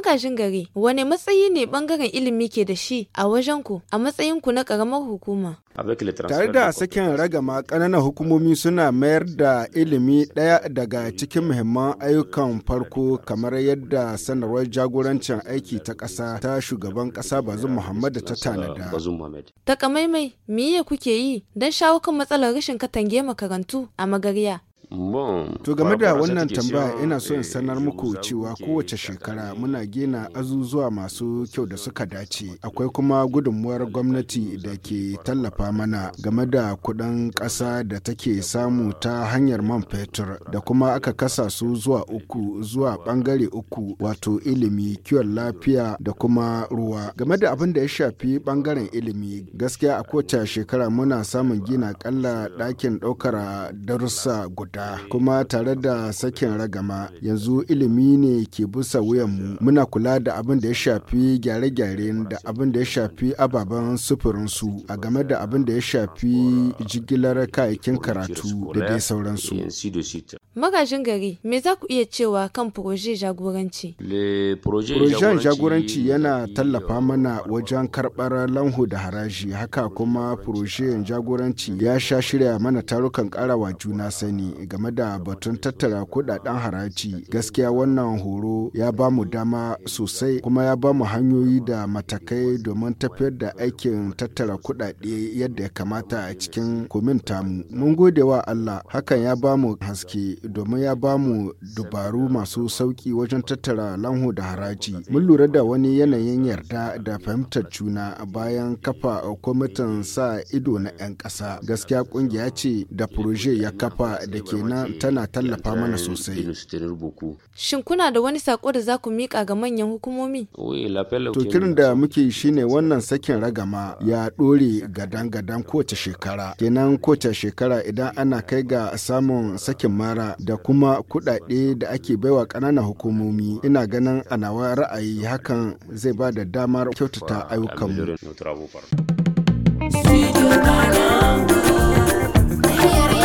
magajin gari wane matsayi ne bangaren ilimi ke da shi a wajen ku a matsayin ku na karamar hukuma tare da sakin ragama ƙananan hukumomi suna mayar da ilimi ɗaya daga cikin muhimman ayyukan farko kamar yadda sanarwar jagorancin aiki ta ƙasa ta shugaban ƙasa bazum muhammad ta tanada takamaimai me kuke yi don shawo kan matsalar rashin katange makarantu a magarya To game da wannan tambaya ina so in eh, sanar muku cewa kowace shekara muna gina azuzuwa masu kyau da suka dace. Akwai kuma gudunmuwar gwamnati da ke tallafa mana game da kuɗin ƙasa da take samu ta hanyar man fetur da kuma aka kasa su zuwa uku zuwa ɓangare uku wato ilimi, kiwon lafiya da kuma ruwa. Game da abin da ya shafi bangaren ilimi gaskiya a kowace shekara muna samun gina ƙalla ɗakin ɗaukar darussa guda. kuma tare da sakin ragama yanzu ilimi ne ke busa wuyanmu muna kula da abin da ya shafi gyare-gyare da abin da ya shafi ababen sufurinsu a game da abin da ya shafi jigilar kayayyakin karatu da dai sauransu. Magajin gari, me za ku iya cewa kan Proje jagoranci? Projen jagoranci yana tallafa mana wajen karɓar lanhu da haraji, haka kuma Projen jagoranci ya sha shirya mana tarukan ƙarawa juna sani game da batun tattara kudaden haraji gaskiya wannan horo ya ba mu dama sosai kuma ya ba mu hanyoyi da matakai domin tafiyar da aikin tattara kudade yadda ya kamata a cikin kuminta mu. mun gode wa Allah hakan ya ba mu haske domin ya ba mu dubaru masu sauki wajen tattara lanho da haraji mun lura da wani yanayin yarda da fahimtar juna bayan kafa kwamitin sa ido na 'yan ƙasa gaskiya kungiya ce da ya kafa da ke kenan tana tallafa mana sosai. Shin kuna da wani sako da za ku miƙa ga manyan hukumomi? To kirin da muke shine wannan sakin ragama ya ɗore gadan-gadan kowace shekara. Kenan kowace shekara idan ana kai ga samun sakin mara da kuma kuɗaɗe da ake baiwa ƙananan hukumomi ina ganin anawa ra'ayi hakan zai ba da damar kyautata ayyukanmu. Studio